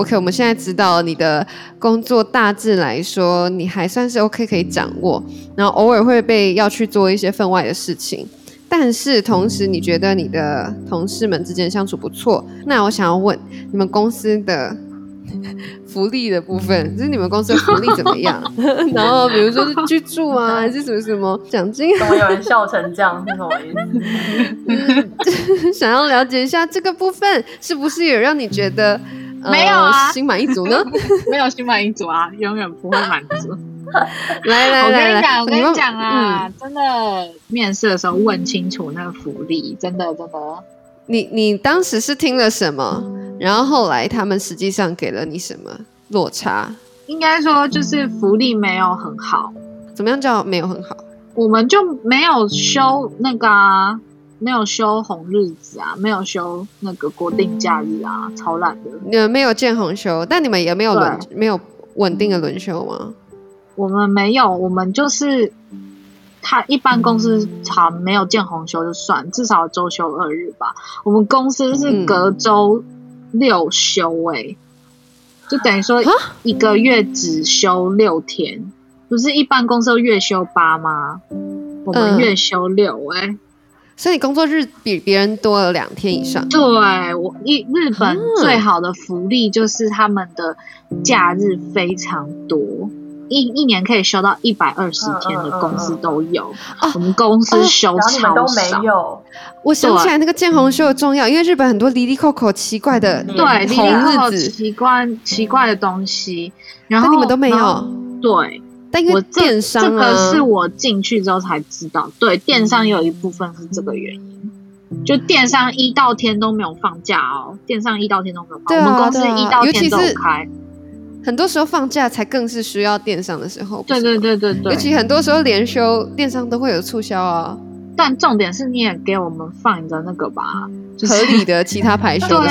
OK，我們現在知道你的工作大致來說你還算是 OK 可以掌握，然後偶爾會被要去做一些分外的事情，但是同時你覺得你的同事們之間相處不錯，那我想要問你們公司的福利的部分，就是你們公司的福利怎麼樣？ 然後比如說是居住啊 還是什麼什麼獎金？怎麼有人笑成這樣？ 是什麼意思？ 想要了解一下這個部分是不是也讓你覺得？呃、沒有啊，心滿意足呢？ 沒有心滿意足啊，永遠不會滿足。 來，來，來來，我跟你講，嗯、我跟你講啊，真的面試的時候問清楚那個福利，真的真的。你你當時是聽了什麼？嗯、然後後來他們實際上給了你什麼？落差？應該說就是福利沒有很好。怎麼樣叫沒有很好？我們就沒有修那個、啊。沒有休紅日子啊，沒有休那個國定假日啊，超懶的。你們沒有見紅休，但你們也沒有輪，對沒有穩定的輪休嗎？我們沒有，我們就是，他一般公司常沒有見紅休就算，至少週休二日吧。我們公司是隔週六休，欸，哎、嗯，就等於說一個月只休六天，蛤不是一般公司月休八嗎？我們月休六，欸，哎、嗯。所以你工作日比別人多了兩天以上。對我日日本最好的福利就是他們的假日非常多，嗯、一一年可以休到一百二十天的公司都有。嗯嗯嗯嗯、我們公司休什麼都沒有。我想起來那個見紅休很重要，對嗯、因為日本很多哩哩摳摳奇怪的對紅日子、嗯、哩哩摳摳奇怪、嗯、奇怪的東西，然後你們都沒有對。我商這個是我進去之後才知道，對電商有一部分是這個原因，嗯、就電商一到天都沒有放假哦、喔，電商一到天都沒有放，對啊、我們公司一到天都開、OK 啊，很多時候放假才更是需要電商的時候，對對對對對，尤其很多時候連休電商都會有促銷啊，但重點是你也給我們放一那個吧，合、就、理、是、的其他排休的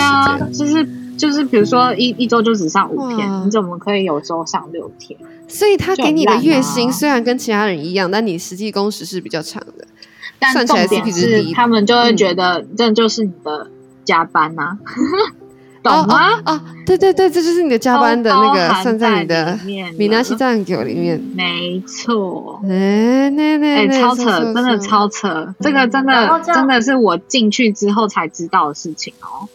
時間，就是比如說一一周就只上五天，你怎麼可以有周上六天？所以他給你的月薪雖然跟其他人一樣，但你實際工時是比較長的。但重點是他們就會覺得這就是你的加班吶，懂嗎？啊，對對對，這就是你的加班的那個算在你的米娜西贊給我裡面。沒錯，哎，那那那超扯，真的超扯，這個真的真的是我進去之後才知道的事情哦。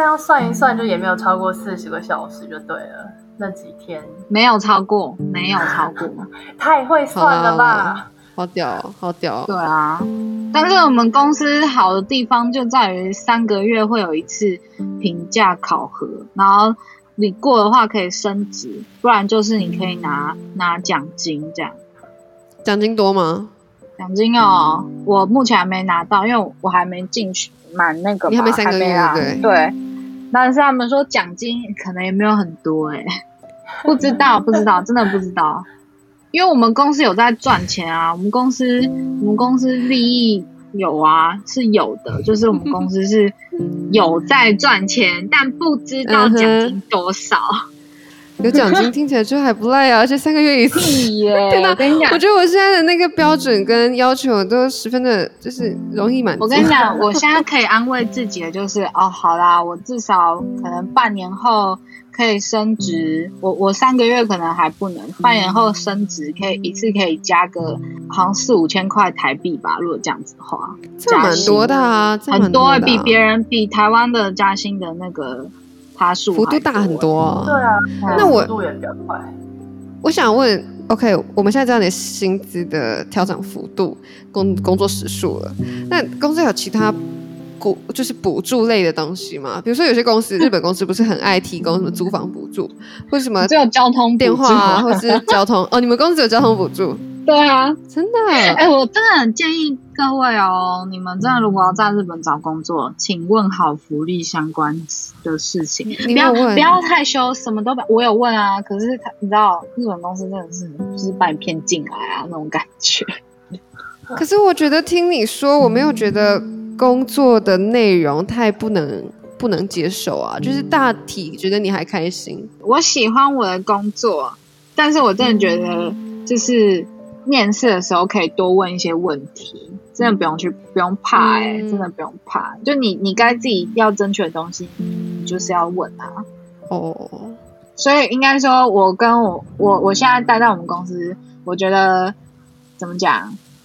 這樣算一算，就也沒有超過四十個小時，就對了。那幾天沒有超過，沒有超過， 太會算了吧？好屌，好屌哦！好屌哦。對啊，但是我們公司好的地方就在於三個月會有一次評價考核，然後你過的話可以升職，不然就是你可以拿拿獎金這樣。獎金多嗎？獎金哦，嗯、我目前還沒拿到，因為我還沒進去滿那個嘛，你還沒三個月是不是？對。但是他們說獎金可能也沒有很多誒、欸，不知道 不知道，真的不知道，因為我們公司有在賺錢啊，我們公司我們公司利益有啊，是有的，就是我們公司是有在賺錢，但不知道獎金多少。有獎金聽起來就還不賴啊，而且三個月一次耶！對的，我跟你講，我覺得我現在的那個標準跟要求都十分的，就是容易滿足。我跟你講，我現在可以安慰自己的就是，哦，好啦，我至少可能半年後可以升職，我我三個月可能還不能，半年後升職可以一次可以加個好像四五千塊台幣吧，如果這樣子的話，這蠻多的啊，很多，比別人比台灣的加薪的那個。差數幅度大很多，啊，對啊，啊那我我想問，OK，我們現在知道你的薪資的調整幅度，工工作時數了。那公司有其他補，就是補助類的東西嗎？比如說，有些公司，嗯、日本公司不是很愛提供什麼租房補助，為、嗯、什麼、啊、只有交通電話、啊，或者是交通 哦，你們公司只有交通補助？對啊，真的、啊，哎、欸，我真的很建議。各位哦，你們真的如果要在日本找工作，嗯、請問好福利相關的事情，你啊、不要問，不要害羞，什麼都不我有問啊，可是他，你知道，日本公司真的是就是把你騙進來啊那種感覺。可是我覺得聽你說， 我沒有覺得工作的內容太不能、嗯、不能接受啊，就是大體覺得你還開心。我喜歡我的工作，但是我真的覺得就是面試的時候可以多問一些問題。真的不用去，不用怕、欸，哎、嗯，真的不用怕。就你，你該自己要爭取的東西，嗯、你就是要問他、啊。哦，所以應該說，我跟我我我現在待在我們公司，我覺得怎麼講，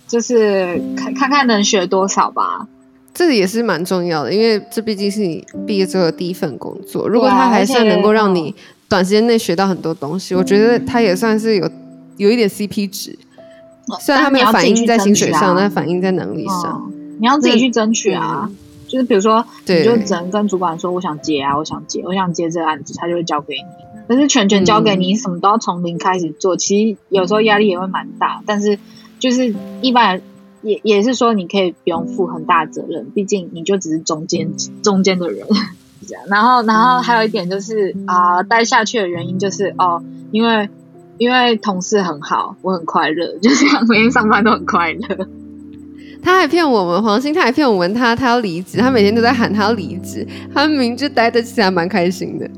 就是看看看能學多少吧。這個也是蠻重要的，因為這畢竟是你畢業之後的第一份工作。嗯、如果他還算能夠讓你短時間內學到很多東西，嗯、我覺得他也算是有有一點 CP 值。雖然他沒反映在薪水上，但，啊、但反映在能力上，嗯。你要自己去爭取啊！嗯、就是比如說，對你就只能跟主管說，我想接啊，我想接，我想接這個案子，他就會交給你。但是全權交給你，什麼都要從零開始做，嗯、其實有時候壓力也會蠻大。但是就是一般也也是說，你可以不用負很大責任，畢竟你就只是中間中間的人。 然後，然後還有一點就是啊，待、嗯呃、下去的原因就是哦、呃，因為。因為同事很好，我很快樂，就是每天上班都很快樂。他還騙我們，黃心他還騙我們，他他要離職，他每天都在喊他要離職，他明明就待的其實蠻開心的。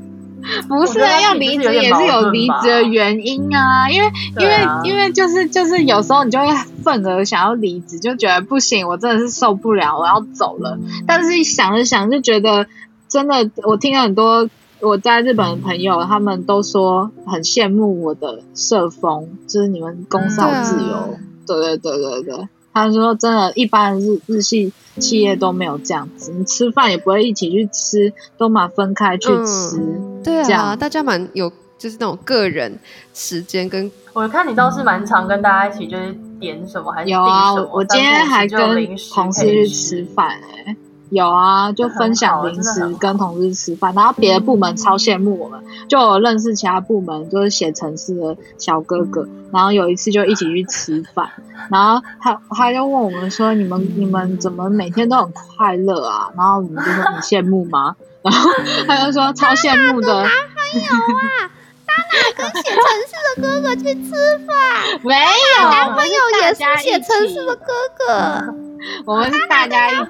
不是啊，覺要離職也是，也是有離職的原因啊，因為因為、啊、因為就是就是有時候你就會憤而想要離職，就覺得不行，我真的是受不了，我要走了。嗯、但是一想了想，就覺得真的，我聽了很多。我在日本的朋友，他們都說很羨慕我的社風，就是你們公私自由。嗯、對對對對對，他說真的，一般日日系企業都沒有這樣子，你吃飯也不會一起去吃，都蠻分開去吃。嗯、對啊，樣大家蠻有就是那種個人時間跟。我看你倒是蠻常跟大家一起，就是點什麼還是訂什麼有啊、啊、我今天還跟同事、同事去吃飯哎、欸。有啊，就分享零食跟同事吃飯，然後別的部門超羨慕我們，就我認識其他部門就是寫程式的小哥哥，然後有一次就一起去吃飯，然後他他就問我們說，你們你們怎麼每天都很快樂啊？然後我們就說，你羨慕嗎？然後他就說超羨慕的男朋友啊，他哪個寫程式的哥哥去吃飯，沒有男朋友也是寫程式的哥哥，我們是大家友。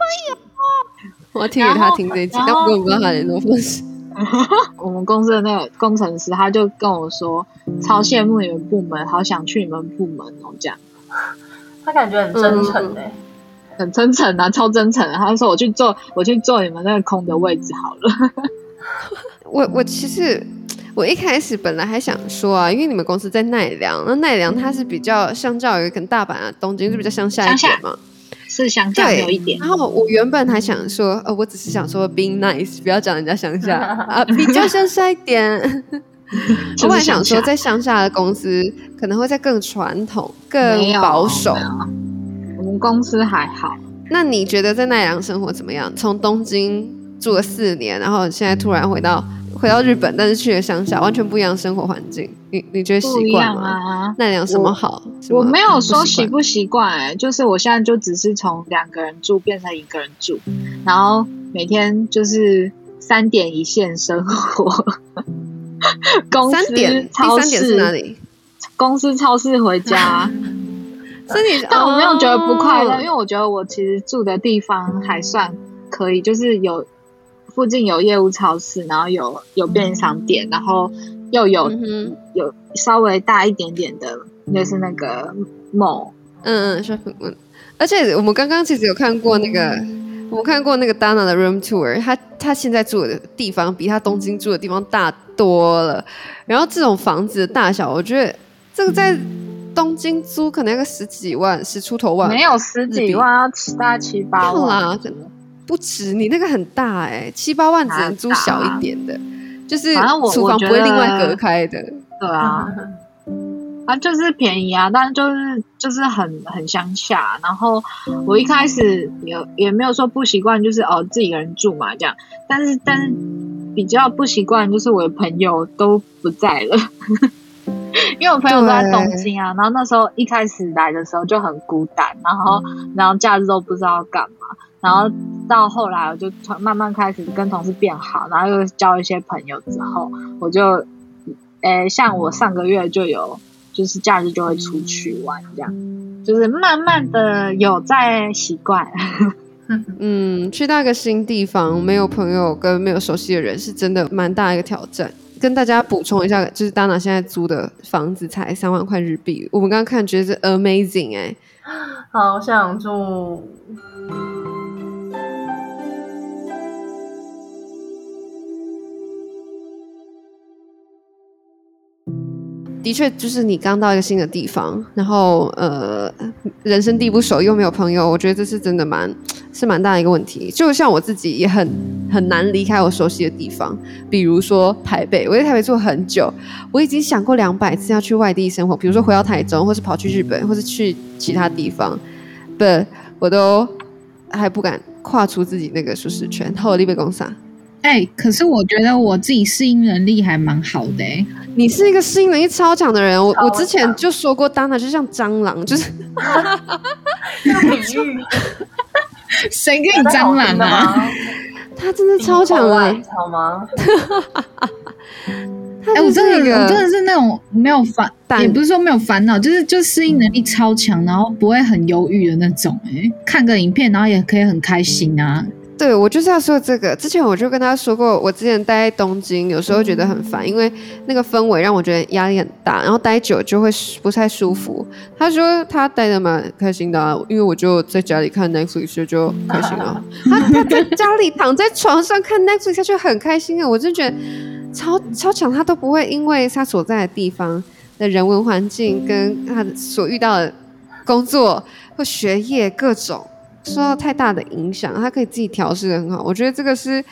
我要聽給他聽這一集，但不過我不知道他那種粉絲。 我們公司的那個工程師，他就跟我說，嗯、超羨慕你們部門，好想去你們部門哦，這樣。他感覺很真誠、嗯欸、很真誠啊，超真誠、啊。他就說我坐：“我去做，我去做你們那個空的位置好了。我”我我其實我一開始本來還想說啊，因為你們公司在奈良，那奈良它是比較相較於、嗯、可能大阪啊、東京是比較鄉下一點嘛。是鄉下有一點，然後我原本還想說，呃，我只是想說 being nice，、嗯、不要講人家鄉下 啊，比較鄉下一點。 我本來想說，在鄉下的公司可能會在更傳統、更保守。我們公司還好。那你覺得在奈良生活怎麼樣？從東京住了四年，然後現在突然回到。回到日本，但是去了鄉下，完全不一樣生活環境。你你覺得習慣嗎？你有、啊、什麼好？我，什麼好？我沒有說習不習慣、欸，嗯、就是我現在就只是從兩個人住變成一個人住，然後每天就是三點一線生活。 公司、超市三點，三點是哪裡？公司、超市回家。 點但我沒有覺得不快樂，哦、因為我覺得我其實住的地方還算可以，就是有。附近有業務超市，然後有有便利商店，然後又有、嗯、哼有稍微大一點點的，就是那個 mall，嗯嗯，是嗯。而且我們剛剛其實有看過那個，嗯、我們看過那個 Dana 的 room tour，他他現在住的地方比他東京住的地方大多了。然後這種房子的大小，我覺得這個在東京租可能要一個十幾萬，十出頭萬，沒有十幾萬，比嗯、要七八七八萬啦，真的。不止，你那個很大哎、欸，七八萬只能租小一點的，啊、就是廚房不會另外隔開的。對啊，嗯、啊就是便宜啊，但是就是就是很很鄉下。然後我一開始也、嗯、也沒有說不習慣，就是哦自己一個人住嘛這樣。但是但是比較不習慣，就是我的朋友都不在了， 因為我朋友都在東京啊。對然後那時候一開始來的時候就很孤單，然後、嗯、然後假日都不知道要幹嘛。然後到後來，我就慢慢開始跟同事變好，然後又交一些朋友之後，我就，呃、欸，像我上個月就有，就是假日就會出去玩，這樣，就是慢慢的有在習慣。 嗯，去到一個新地方，沒有朋友跟沒有熟悉的人，是真的蠻大一個挑戰。跟大家補充一下，就是當娜現在租的房子才三萬塊日幣，我們剛剛看覺得是 amazing 哎、欸，好想住。的確，就是你剛到一個新的地方，然後呃，人生地不熟，又沒有朋友，我覺得這是真的蠻是蠻大的一個問題。就像我自己也很很難離開我熟悉的地方，比如說台北，我在台北住很久，我已經想過兩百次要去外地生活，比如說回到台中，或是跑去日本，或是去其他地方，不我都還不敢跨出自己那個舒適圈。好，李偉光三。哎、欸，可是我覺得我自己適應能力還蠻好的。欸、你是一個適應能力超強的人，我我之前就說過，當然就像蟑螂，就是。領域。誰跟你蟑螂啊？他、啊、真的超強啊！嗎？哎、欸，我真的，嗯、我真的是那種沒有煩，蛋也不是說沒有煩惱，就是就適應能力超強，然後不會很憂鬱的那種、欸。哎，看個影片，然後也可以很開心啊。嗯對我就是要說這個。之前我就跟他說過，我之前待在東京，有時候覺得很煩，因為那個氛圍讓我覺得壓力很大，然後待久就會不太舒服。他說他待的蠻開心的、啊，因為我就在家裡看 Netflix 就開心了。 他他在家裡躺在床上看 Netflix，他就很開心啊！我真覺得超超強，他都不會因為他所在的地方的人文環境，跟他所遇到的工作或學業各種。受到太大的影響，他可以自己調試的很好。我覺得這個是，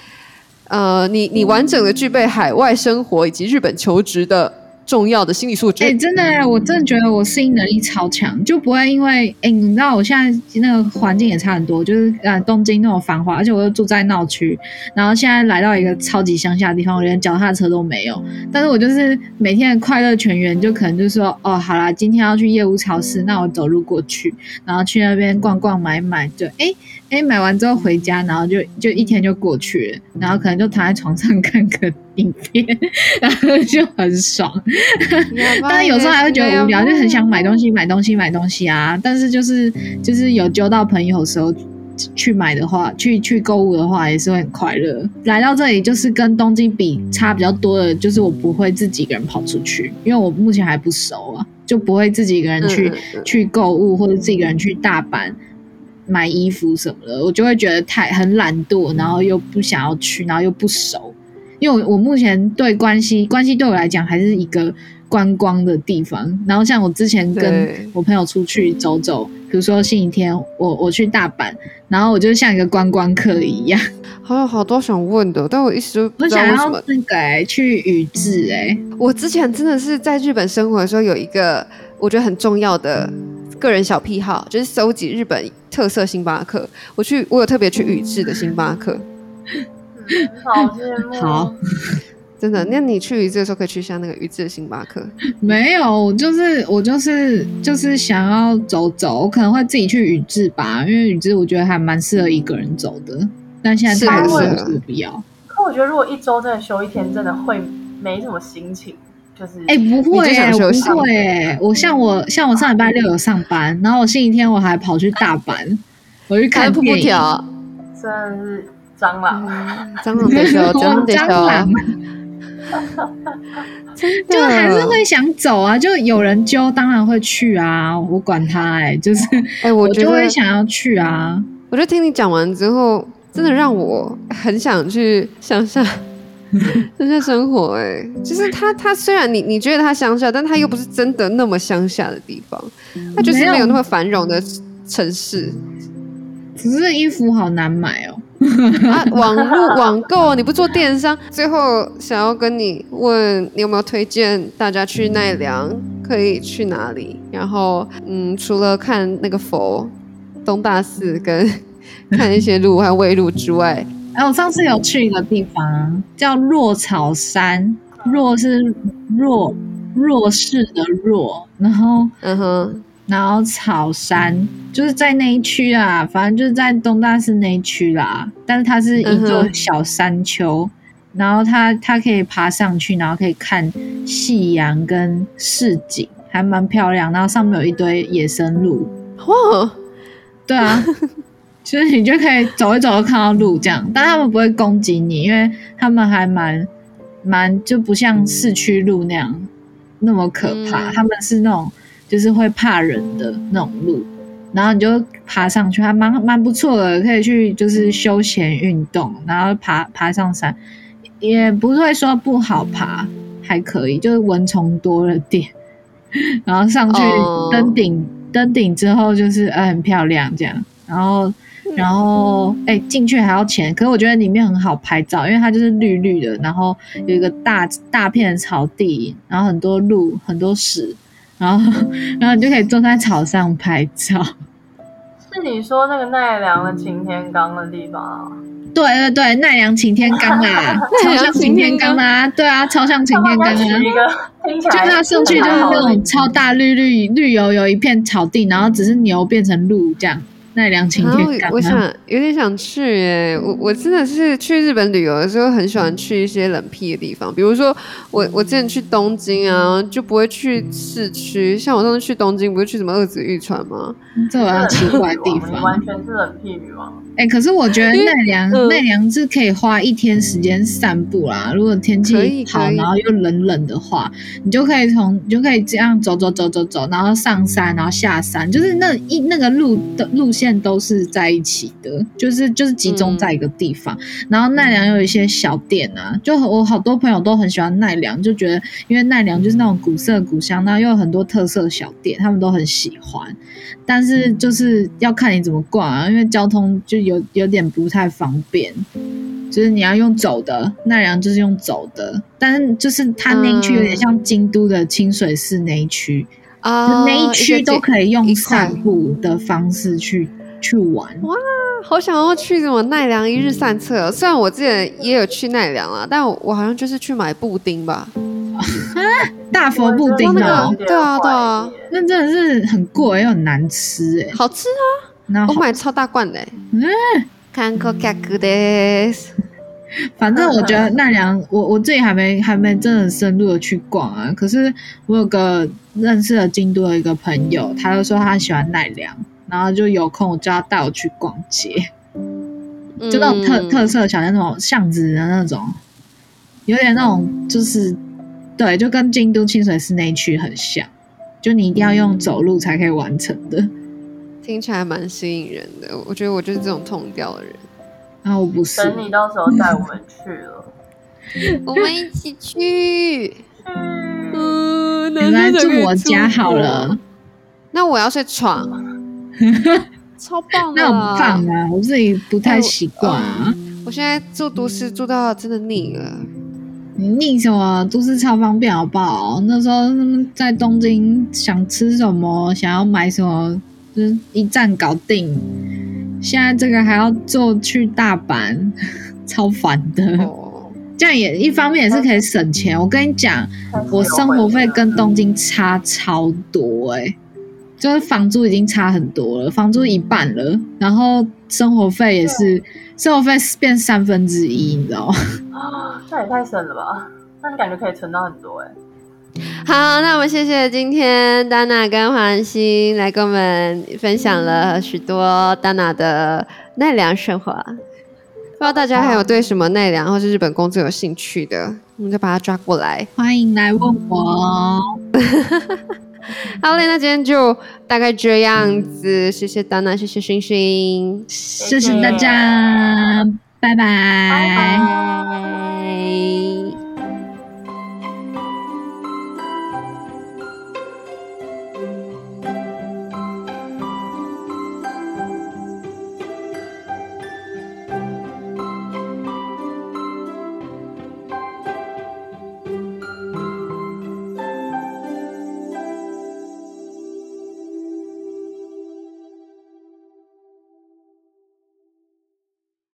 呃，你你完整的具備海外生活以及日本求職的重要的心理素質。哎、欸，真的，我真的覺得我適應能力超強，就不會因為，哎、欸，你知道我現在那個環境也差很多，就是呃、啊、東京那種繁華，而且我又住在鬧區，然後現在來到一個超級鄉下的地方，我連腳踏車都沒有。但是我就是每天的快樂泉源，就可能就是說，哦，好啦，今天要去業務超市，那我走路過去，然後去那邊逛逛買買，就哎哎、欸欸、買完之後回家，然後就就一天就過去了，然後可能就躺在床上看看影片，然後就很爽，但是有時候還會覺得無聊，就很想買東西，買東西，買東西啊！但是就是就是有揪到朋友的時候去買的話，去去購物的話也是會很快樂。來到這裡就是跟東京比差比較多的，就是我不會自己一個人跑出去，因為我目前還不熟啊，就不會自己一個人去、嗯、去購物或者自己一個人去大阪、嗯、買衣服什麼的，我就會覺得太很懶惰，然後又不想要去，然後又不熟。因為我，我目前對關西關西對我來講還是一個觀光的地方，然後像我之前跟我朋友出去走走，對比如說星期天，我我去大阪，然後我就像一個觀光客一樣，好有好多想問的，但我一直都不知道為什麼。我想欸、去宇治、欸、我之前真的是在日本生活的時候，有一個我覺得很重要的個人小癖好，就是收集日本特色星巴克。我去，我有特別去宇治的星巴克。嗯 好真的。那你去宇治的時候，可以去一下那個宇治的星巴克。 沒有，我就是我就是就是想要走走，我可能會自己去宇治吧，因為宇治我覺得還蠻適合一個人走的。嗯、但現在太熱了不要、啊。可我覺得如果一周真的休一天，真的會沒什麼心情，就是。哎、欸，不會、欸，不會、欸，我像我像我上禮拜六有上班，嗯、然後我星期天我還跑去大阪， 我去看瀑條， 真的是。蟑螂，蟑螂髒、嗯，蟑螂，蟑螂，就還是會想走啊！就有人揪，當然會去啊！我管他哎、欸，就是哎、嗯、我，我就會想要去啊！我就聽你講完之後，真的讓我很想去鄉下，鄉下生活哎、欸。 就是他，他雖然你你覺得他鄉下，但他又不是真的那麼鄉下的地方，嗯、他就是沒有那麼繁榮的城市、嗯，只是衣服好難買哦。 啊，網路網購，你不做電商？ 最後想要跟你問，你有沒有推薦大家去奈良？可以去哪裡？然後，嗯，除了看那個佛東大寺跟看一些鹿，還有餵鹿之外，哎，我上次有去一個地方叫若草山，若是若若是的若，然後嗯哼。Uh huh. 然後草山就是在那一區啊，反正就是在東大寺那一區啦。但是它是一座小山丘，uh huh. 然後它它可以爬上去，然後可以看夕陽跟市井，還蠻漂亮。然後上面有一堆野生鹿。哦。Oh. 對啊，所以 你就可以走一走，看到鹿這樣。但他們不會攻擊你，因為他們還蠻蠻就不像市區鹿那樣、嗯、那麼可怕。嗯、他們是那種。就是會怕人的那種路，然後你就爬上去，還蠻蠻不錯的，可以去就是休閒運動，然後爬爬上山也不會說不好爬，還可以，就是蚊蟲多了點，然後上去登頂、oh. 登頂之後就是、哎、很漂亮這樣，然後然後哎進去還要錢，可是我覺得裡面很好拍照，因為它就是綠綠的，然後有一個大大片的草地，然後很多鹿，很多屎。然後，然後你就可以坐在草上拍照。是你說那個奈良的擎天岡的地方？對對對，奈良擎天岡啊、欸， 超像擎天岡啊，對啊，超像擎天岡啊。就那上去就是那種超大綠綠綠油油一片草地，然後只是牛變成鹿這樣。奈良情感然後我想有點想去耶，我我真的是去日本旅游的時候，很喜歡去一些冷僻的地方，比如說我我之前去東京啊，嗯、就不會去市區，像我上次去東京，不是去什麼二子玉川嗎？這種奇怪地方， 完全是冷僻女王。哎、欸，可是我覺得奈良奈良是可以花一天時間散步啦。嗯、如果天氣好，然後又冷冷的話，你就可以從你就可以這樣走走走走走，然後上山，然後下山，就是那一、嗯、那個路的路線都是在一起的，就是就是集中在一個地方。嗯、然後奈良有一些小店啊，嗯、就我好多朋友都很喜歡奈良，就覺得因為奈良就是那種古色古香，那、嗯、又有很多特色的小店，他們都很喜歡。但是就是要看你怎麼逛啊，因為交通就。有有點不太方便，就是你要用走的奈良，就是用走的，但是就是它那一區有點像京都的清水寺那一區，啊、嗯，那一區都可以用散步的方式去去玩。哇，好想要去什麼奈良一日散策哦。嗯、雖然我之前也有去奈良啊，但我，我好像就是去買布丁吧， 啊、大佛布丁，哦嗯那個，啊，對啊對啊，那真的是很貴、欸、又很難吃哎、欸，好吃啊。然後我買超大罐的，欸，嗯，看個價格的。 反正我覺得奈良，我我自己還沒還沒真的深入的去逛啊。嗯、可是我有個認識了京都的一個朋友，他就說他喜歡奈良，然後就有空就要帶我去逛街，就那種特、嗯、特色小那種巷子的那種，有點那種就是，嗯、對，就跟京都清水寺那區很像，就你一定要用走路才可以完成的。聽起來蠻吸引人的，我覺得我就是這種痛掉的人。然後、嗯啊、我不是等你到時候帶我們去了，嗯、我們一起去。嗯，你、嗯、來住我家好了。那我要睡床，嗯、超棒的！那很棒啊，我自己不太習慣啊。我現在住都市住到真的膩了。膩、嗯嗯、什麼？都市超方便好不好、哦？那時候在東京想吃什麼，想要買什麼。嗯，一站搞定。現在這個還要坐去大阪，超煩的。哦、這樣也一方面也是可以省錢。我跟你講，我生活費跟東京差超多誒、欸嗯、就是房租已經差很多了，房租一半了，然後生活費也是，對生活費變三分之一，你知道嗎？啊，這也太省了吧！那你感覺可以存到很多誒、欸好，那我們謝謝今天 Dana 跟黃欣來跟我們分享了許多 Dana 的奈良生活。不知道大家還有對什麼奈良或是日本工作有興趣的，我們就把他抓過來。歡迎來問我。 好嘞，那今天就大概這樣子。嗯、謝謝 Dana，謝謝欣欣，謝謝大家，拜拜。拜拜。